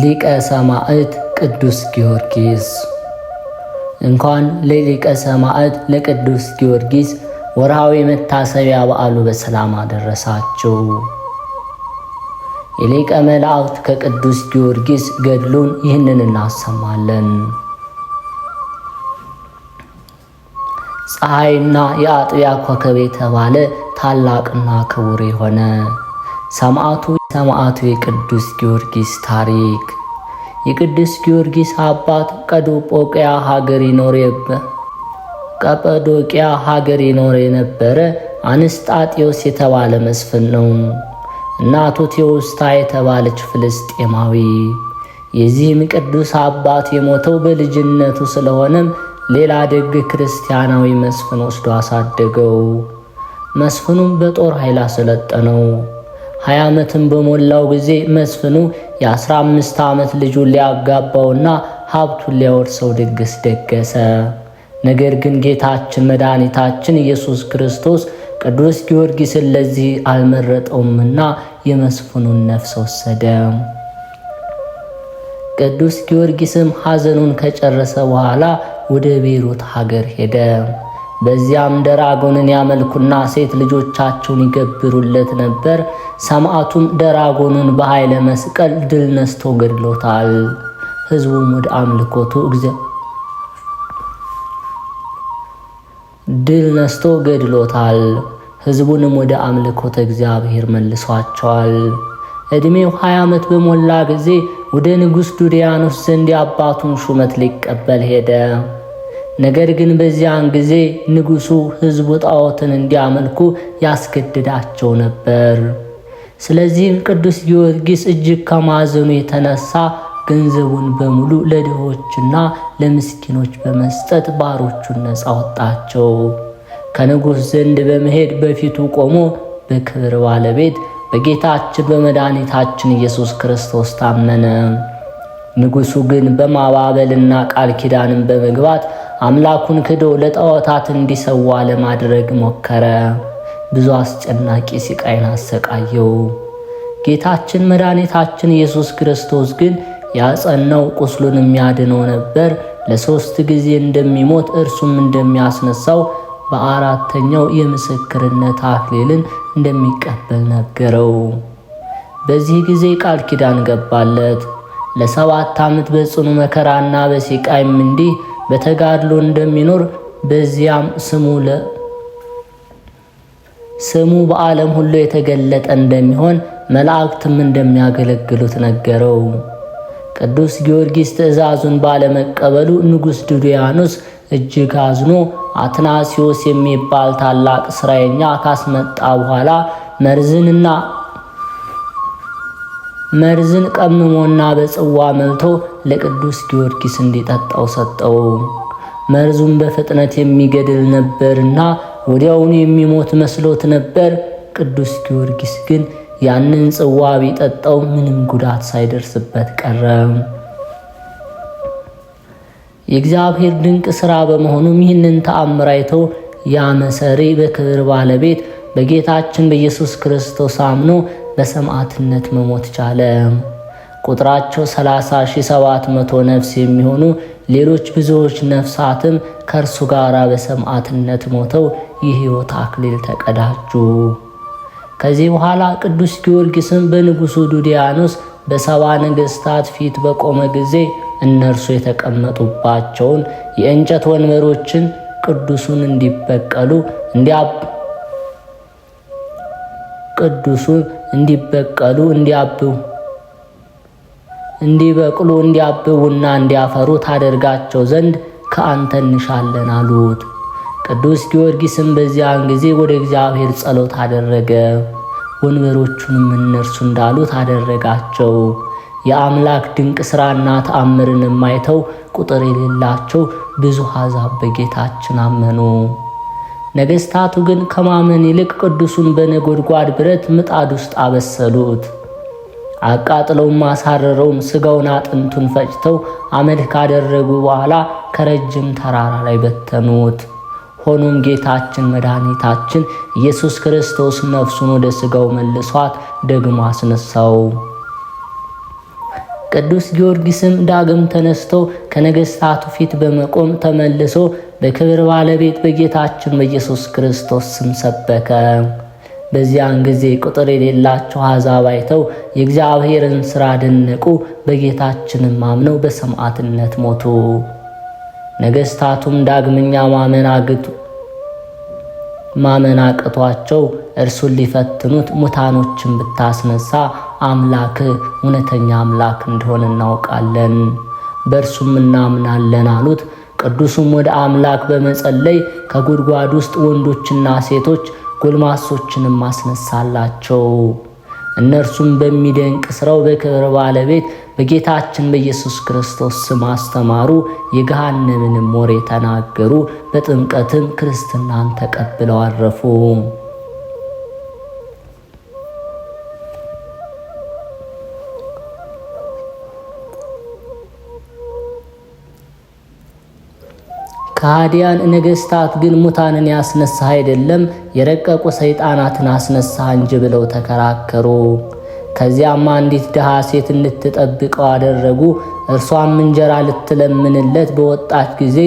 ሊቀ ሰማዕት ቅዱስ ጊዮርጊስ። እንኳን ለሊቀ ሰማዕት ለቅዱስ ጊዮርጊስ ወርሃዊ መታሰቢያ በዓሉ በሰላም አደረሳችሁ። የሊቀ መላእክት ከቅዱስ ጊዮርጊስ ገድሉን ይህንን እናሰማለን። ፀሐይና የአጥቢያ ኮከብ የተባለ ታላቅና ክቡር የሆነ ሰማዕቱ ሰማዕቱ የቅዱስ ጊዮርጊስ ታሪክ። የቅዱስ ጊዮርጊስ አባት ቀዶጶቅያ ሀገር ይኖር ቀጳዶቅያ ሀገር ይኖር የነበረ አንስጣጢዮስ የተባለ መስፍን ነው። እናቱ ቴዎስታ የተባለች ፍልስጤማዊ። የዚህም ቅዱስ አባት የሞተው በልጅነቱ ስለሆነም ሌላ ደግ ክርስቲያናዊ መስፍን ወስዶ አሳደገው። መስፍኑም በጦር ኃይል አሰለጠነው። ሀያ ዓመትም በሞላው ጊዜ መስፍኑ የ15 ዓመት ልጁን ሊያጋባውና ሀብቱን ሊያወርሰው ድግስ ደገሰ። ነገር ግን ጌታችን መድኃኒታችን ኢየሱስ ክርስቶስ ቅዱስ ጊዮርጊስን ለዚህ አልመረጠውምና የመስፍኑን ነፍስ ወሰደ። ቅዱስ ጊዮርጊስም ሐዘኑን ከጨረሰ በኋላ ወደ ቤሩት ሀገር ሄደ። በዚያም ደራጎንን ያመልኩና ሴት ልጆቻቸውን ይገብሩለት ነበር። ሰማዕቱም ደራጎኑን በኃይለ መስቀል ድል ነስቶ ገድሎታል። ሕዝቡም ወደ አምልኮቱ ድል ነስቶ ገድሎታል። ሕዝቡንም ወደ አምልኮተ እግዚአብሔር መልሷቸዋል። ዕድሜው ሀያ ዓመት በሞላ ጊዜ ወደ ንጉሥ ዱሪያኖስ ዘንድ የአባቱን ሹመት ሊቀበል ሄደ። ነገር ግን በዚያን ጊዜ ንጉሡ ሕዝቡ ጣዖትን እንዲያመልኩ ያስገድዳቸው ነበር። ስለዚህም ቅዱስ ጊዮርጊስ እጅግ ከማዘኑ የተነሳ ገንዘቡን በሙሉ ለድሆችና ለምስኪኖች በመስጠት ባሮቹን ነፃ ወጣቸው። ከንጉሥ ዘንድ በመሄድ በፊቱ ቆሞ በክብር ባለቤት በጌታችን በመድኃኒታችን ኢየሱስ ክርስቶስ ታመነ። ንጉሡ ግን በማባበልና ቃል ኪዳንን በመግባት አምላኩን ክዶ ለጣዖታት እንዲሰዋ ለማድረግ ሞከረ። ብዙ አስጨናቂ ሲቃይን አሰቃየው። ጌታችን መድኃኒታችን ኢየሱስ ክርስቶስ ግን ያጸናው ቁስሉን የሚያድነው ነበር። ለሶስት ጊዜ እንደሚሞት እርሱም እንደሚያስነሳው በአራተኛው የምስክርነት አክሊልን እንደሚቀበል ነገረው። በዚህ ጊዜ ቃል ኪዳን ገባለት። ለሰባት ዓመት በጽኑ መከራና በሲቃይም እንዲህ በተጋድሎ እንደሚኖር በዚያም ስሙ ለ ስሙ በዓለም ሁሉ የተገለጠ እንደሚሆን መላእክትም እንደሚያገለግሉት ነገረው። ቅዱስ ጊዮርጊስ ትእዛዙን ባለመቀበሉ ንጉሥ ዱድያኖስ እጅግ አዝኖ አትናሲዮስ የሚባል ታላቅ እስራኤኛ ካስመጣ በኋላ መርዝንና መርዝን ቀምሞና በጽዋ መልቶ ለቅዱስ ጊዮርጊስ እንዲጠጣው ሰጠው። መርዙን በፍጥነት የሚገድል ነበርና ወዲያውኑ የሚሞት መስሎት ነበር። ቅዱስ ጊዮርጊስ ግን ያንን ጽዋ ቢጠጣው ምንም ጉዳት ሳይደርስበት ቀረ። የእግዚአብሔር ድንቅ ሥራ በመሆኑም ይህንን ተአምር አይቶ ያ መሰሪ በክብር ባለቤት በጌታችን በኢየሱስ ክርስቶስ አምኖ በሰማዕትነት መሞት ቻለ። ቁጥራቸው 30700 ነፍስ የሚሆኑ ሌሎች ብዙዎች ነፍሳትም ከእርሱ ጋር በሰማዕትነት ሞተው የሕይወት አክሊል ተቀዳጁ። ከዚህ በኋላ ቅዱስ ጊዮርጊስም በንጉሡ ዱዲያኖስ በሰባ ነገሥታት ፊት በቆመ ጊዜ እነርሱ የተቀመጡባቸውን የእንጨት ወንበሮችን ቅዱሱን እንዲበቀሉ እንዲያ ቅዱሱን እንዲበቀሉ እንዲያብቡ እንዲበቅሉ እንዲያብቡና እንዲያፈሩ ታደርጋቸው ዘንድ ከአንተ እንሻለን አሉት። ቅዱስ ጊዮርጊስም በዚያን ጊዜ ወደ እግዚአብሔር ጸሎት አደረገ። ወንበሮቹንም እነርሱ እንዳሉት አደረጋቸው። የአምላክ ድንቅ ሥራና ተአምርን የማይተው ቁጥር የሌላቸው ብዙ አሕዛብ በጌታችን አመኑ። ነገሥታቱ ግን ከማመን ይልቅ ቅዱሱን በነጎድጓድ ብረት ምጣድ ውስጥ አበሰሉት። አቃጥለውም አሳረረውም። ስጋውን አጥንቱን ፈጭተው አመድ ካደረጉ በኋላ ከረጅም ተራራ ላይ በተኑት። ሆኖም ጌታችን መድኃኒታችን ኢየሱስ ክርስቶስ ነፍሱን ወደ ስጋው መልሷት ደግሞ አስነሳው። ቅዱስ ጊዮርጊስም ዳግም ተነስቶ ከነገሥታቱ ፊት በመቆም ተመልሶ በክብር ባለቤት በጌታችን በኢየሱስ ክርስቶስ ስም ሰበከ። በዚያን ጊዜ ቁጥር የሌላቸው አሕዛብ አይተው የእግዚአብሔርን ሥራ ደነቁ። በጌታችንም አምነው በሰማዕትነት ሞቱ። ነገሥታቱም ዳግመኛ ማመን አግቱ ማመን አቅቷቸው እርሱን ሊፈትኑት ሙታኖችን ብታስነሳ አምላክ እውነተኛ አምላክ እንደሆነ እናውቃለን፣ በእርሱም እናምናለን አሉት። ቅዱሱም ወደ አምላክ በመጸለይ ከጉድጓድ ውስጥ ወንዶችና ሴቶች ጎልማሶችንም አስነሳላቸው። እነርሱም በሚደንቅ ስራው በክብር ባለቤት በጌታችን በኢየሱስ ክርስቶስ ስም አስተማሩ፣ የገሃነምንም ወሬ ተናገሩ። በጥምቀትም ክርስትናን ተቀብለው አረፉ። ከሃዲያን ነገሥታት ግን ሙታንን ያስነሳ አይደለም የረቀቁ ሰይጣናትን አስነሳ እንጂ ብለው ተከራከሩ። ከዚያም አንዲት ድሃ ሴት እንድትጠብቀው አደረጉ። እርሷም እንጀራ ልትለምንለት በወጣች ጊዜ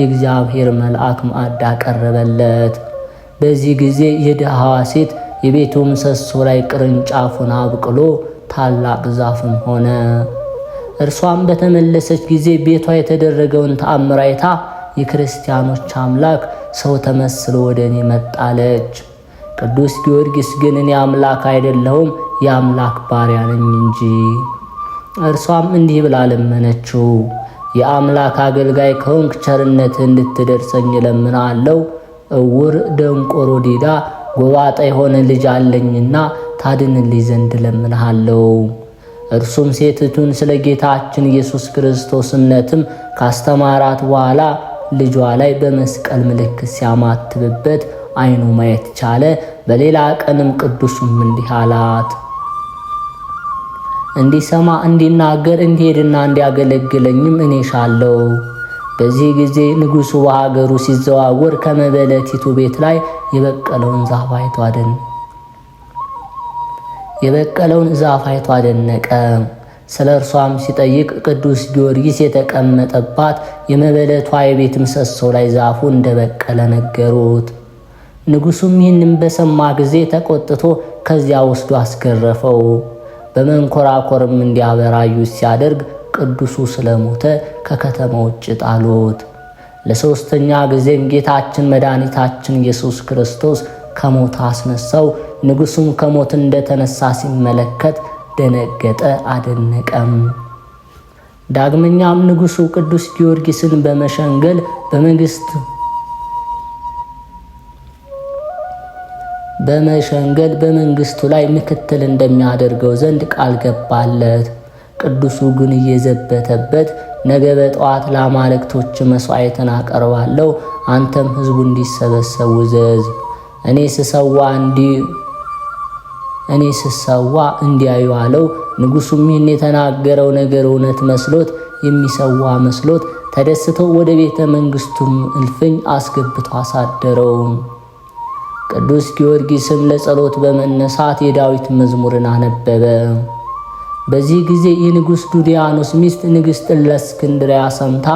የእግዚአብሔር መልአክ ማዕድ አቀረበለት። በዚህ ጊዜ የድሃዋ ሴት የቤቱ ምሰሶ ላይ ቅርንጫፉን አብቅሎ ታላቅ ዛፍም ሆነ። እርሷም በተመለሰች ጊዜ ቤቷ የተደረገውን ተአምር አይታ የክርስቲያኖች አምላክ ሰው ተመስሎ ወደ እኔ መጣለች። ቅዱስ ጊዮርጊስ ግን እኔ አምላክ አይደለሁም የአምላክ ባሪያ ነኝ እንጂ። እርሷም እንዲህ ብላ ለመነችው፣ የአምላክ አገልጋይ ከሆንክ ቸርነት እንድትደርሰኝ እለምናለሁ። እውር ደንቆሮ፣ ዲዳ፣ ጎባጣ የሆነ ልጅ አለኝና ታድንልኝ ዘንድ እለምንሃለሁ። እርሱም ሴትቱን ስለ ጌታችን ኢየሱስ ክርስቶስ እምነትም ካስተማራት በኋላ ልጇ ላይ በመስቀል ምልክት ሲያማትብበት አይኑ ማየት ቻለ። በሌላ ቀንም ቅዱሱም እንዲህ አላት እንዲሰማ እንዲናገር እንዲሄድና እንዲያገለግለኝም እኔ ሻለው። በዚህ ጊዜ ንጉሱ በሀገሩ ሲዘዋወር ከመበለቲቱ ቤት ላይ የበቀለውን ዛፍ አይቶ ደነቀ። የበቀለውን ዛፍ አይቶ አደነቀ። ስለ እርሷም ሲጠይቅ ቅዱስ ጊዮርጊስ የተቀመጠባት የመበለቷ የቤት ምሰሶ ላይ ዛፉ እንደበቀለ ነገሩት። ንጉሱም ይህንም በሰማ ጊዜ ተቆጥቶ ከዚያ ወስዶ አስገረፈው። በመንኮራኮርም እንዲያበራዩ ሲያደርግ ቅዱሱ ስለሞተ ከከተማ ውጭ ጣሉት። ለሦስተኛ ጊዜም ጌታችን መድኃኒታችን ኢየሱስ ክርስቶስ ከሞት አስነሳው። ንጉሱም ከሞት እንደተነሳ ሲመለከት ደነገጠ፣ አደነቀም። ዳግመኛም ንጉሱ ቅዱስ ጊዮርጊስን በመሸንገል በመንግስት በመሸንገል በመንግስቱ ላይ ምክትል እንደሚያደርገው ዘንድ ቃል ገባለት። ቅዱሱ ግን እየዘበተበት ነገ በጠዋት ለአማልክቶች መሥዋዕትን አቀርባለሁ፣ አንተም ህዝቡ እንዲሰበሰቡ ዘዝ እኔ ስሰዋ እንዲ እኔ ስሰዋ እንዲያዩ አለው። ንጉሱም ይህን የተናገረው ነገር እውነት መስሎት የሚሰዋ መስሎት ተደስተው ወደ ቤተ መንግስቱም እልፍኝ አስገብቶ አሳደረው። ቅዱስ ጊዮርጊስም ለጸሎት በመነሳት የዳዊት መዝሙርን አነበበ። በዚህ ጊዜ የንጉሥ ዱዲያኖስ ሚስት ንግሥት እለእስክንድርያ ሰምታ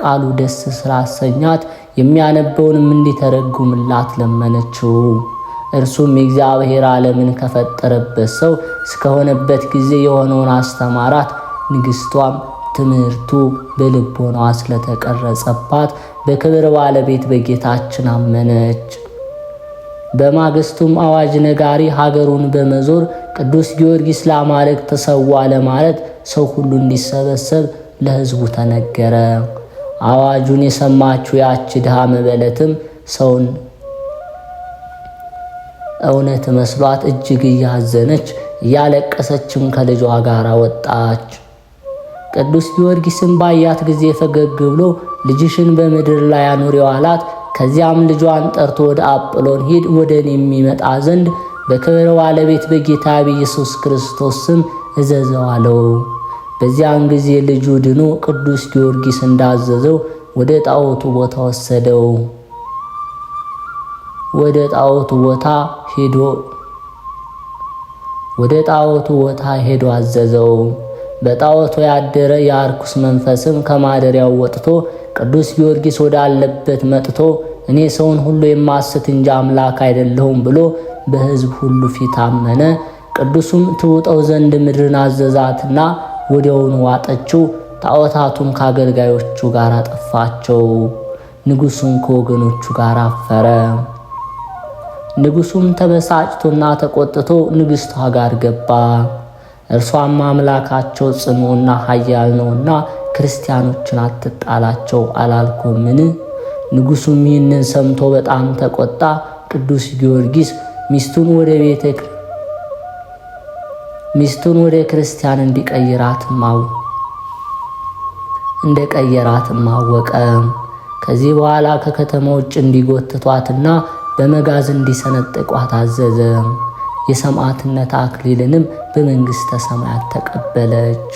ቃሉ ደስ ስላሰኛት የሚያነበውንም እንዲተረጉምላት ለመነችው። እርሱም እግዚአብሔር ዓለምን ከፈጠረበት ሰው እስከሆነበት ጊዜ የሆነውን አስተማራት። ንግሥቷም ትምህርቱ በልቦናዋ ስለተቀረጸባት በክብር ባለቤት በጌታችን አመነች። በማግስቱም አዋጅ ነጋሪ ሀገሩን በመዞር ቅዱስ ጊዮርጊስ ለአማልክት ተሰዋ ለማለት ሰው ሁሉ እንዲሰበሰብ ለሕዝቡ ተነገረ። አዋጁን የሰማችው ያች ድሃ መበለትም ሰውን እውነት መስሏት እጅግ እያዘነች እያለቀሰችም ከልጇ ጋር ወጣች። ቅዱስ ጊዮርጊስን ባያት ጊዜ ፈገግ ብሎ ልጅሽን በምድር ላይ አኑሪው አላት። ከዚያም ልጇን ጠርቶ ወደ አጵሎን ሂድ፣ ወደ እኔ የሚመጣ ዘንድ በክብር ባለቤት በጌታ በኢየሱስ ክርስቶስ ስም እዘዘው አለው። በዚያን ጊዜ ልጁ ድኖ ቅዱስ ጊዮርጊስ እንዳዘዘው ወደ ጣዖቱ ቦታ ወሰደው። ወደ ጣዖቱ ቦታ ሄዶ ወደ ጣዖቱ ቦታ ሄዶ አዘዘው። በጣዖቱ ያደረ የአርኩስ መንፈስም ከማደሪያው ወጥቶ ቅዱስ ጊዮርጊስ ወዳለበት መጥቶ እኔ ሰውን ሁሉ የማስት እንጂ አምላክ አይደለሁም ብሎ በሕዝብ ሁሉ ፊት አመነ። ቅዱሱም ትውጠው ዘንድ ምድርን አዘዛትና ወዲያውኑ ዋጠችው። ጣዖታቱም ከአገልጋዮቹ ጋር አጠፋቸው። ንጉሱን ከወገኖቹ ጋር አፈረ። ንጉሱም ተበሳጭቶና ተቆጥቶ ንግሥቷ ጋር ገባ። እርሷም አምላካቸው ጽኑና ኃያል ነውና ክርስቲያኖችን አትጣላቸው አላልኩምን? ንጉሱም ይህንን ሰምቶ በጣም ተቆጣ። ቅዱስ ጊዮርጊስ ሚስቱን ወደ ቤተ ሚስቱን ወደ ክርስቲያን እንደቀየራት ማወቀ። ከዚህ በኋላ ከከተማ ውጭ እንዲጎትቷትና በመጋዝ እንዲሰነጥቋት አዘዘ። የሰማዕትነት አክሊልንም በመንግሥተ ሰማያት ተቀበለች።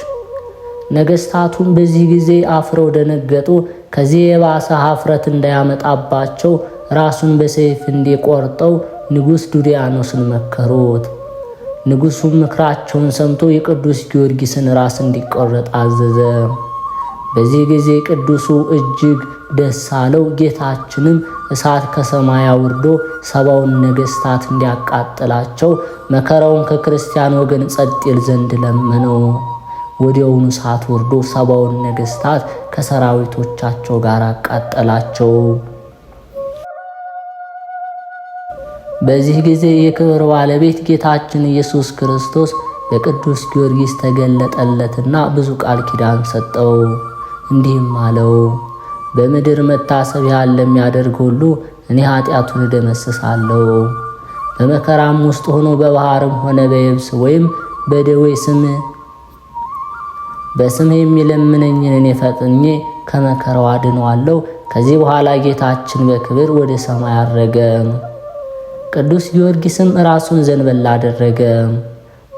ነገሥታቱም በዚህ ጊዜ አፍረው ደነገጡ። ከዚህ የባሰ ኀፍረት እንዳያመጣባቸው ራሱን በሰይፍ እንዲቆርጠው ንጉሥ ዱሪያኖስን መከሩት። ንጉሡም ምክራቸውን ሰምቶ የቅዱስ ጊዮርጊስን ራስ እንዲቆረጥ አዘዘ። በዚህ ጊዜ ቅዱሱ እጅግ ደስ አለው። ጌታችንም እሳት ከሰማይ አውርዶ ሰባውን ነገስታት እንዲያቃጥላቸው መከራውን ከክርስቲያን ወገን ጸጥ ይል ዘንድ ለመነው። ወዲያውኑ እሳት ወርዶ ሰባውን ነገስታት ከሰራዊቶቻቸው ጋር አቃጠላቸው። በዚህ ጊዜ የክብር ባለቤት ጌታችን ኢየሱስ ክርስቶስ ለቅዱስ ጊዮርጊስ ተገለጠለትና ብዙ ቃል ኪዳን ሰጠው። እንዲህም አለው በምድር መታሰቢያ ለሚያደርግ ሁሉ እኔ ኃጢአቱን እደመስሳለሁ። በመከራም ውስጥ ሆኖ በባህርም ሆነ በየብስ ወይም በደዌ ስም በስም የሚለምነኝን እኔ ፈጥኜ ከመከራው አድነዋለሁ። ከዚህ በኋላ ጌታችን በክብር ወደ ሰማይ አረገ። ቅዱስ ጊዮርጊስም ራሱን ዘንበል አደረገ፣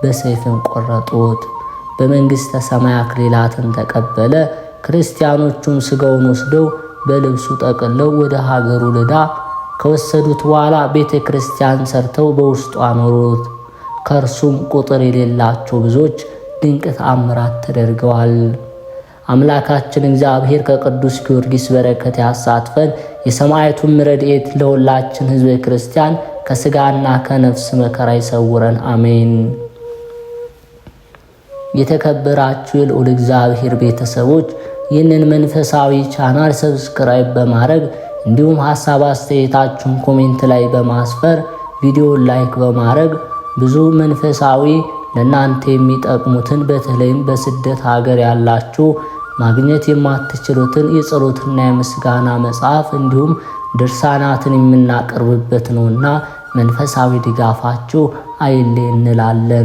በሰይፍም ቆረጡት። በመንግሥተ ሰማይ አክሊላትን ተቀበለ። ክርስቲያኖቹም ስጋውን ወስደው በልብሱ ጠቅለው ወደ ሀገሩ ልዳ ከወሰዱት በኋላ ቤተ ክርስቲያን ሰርተው በውስጡ አኖሩት። ከእርሱም ቁጥር የሌላቸው ብዙዎች ድንቅ ተአምራት ተደርገዋል። አምላካችን እግዚአብሔር ከቅዱስ ጊዮርጊስ በረከት ያሳትፈን። የሰማዕቱም ረድኤት ለሁላችን ሕዝበ ክርስቲያን ከሥጋና ከነፍስ መከራ ይሰውረን፣ አሜን። የተከበራችሁ የልዑል እግዚአብሔር ቤተሰቦች ይህንን መንፈሳዊ ቻናል ሰብስክራይብ በማድረግ እንዲሁም ሀሳብ አስተያየታችሁን ኮሜንት ላይ በማስፈር ቪዲዮን ላይክ በማድረግ ብዙ መንፈሳዊ ለእናንተ የሚጠቅሙትን በተለይም በስደት ሀገር ያላችሁ ማግኘት የማትችሉትን የጸሎትና የምስጋና መጽሐፍ እንዲሁም ድርሳናትን የምናቀርብበት ነውና መንፈሳዊ ድጋፋችሁ አይሌ እንላለን።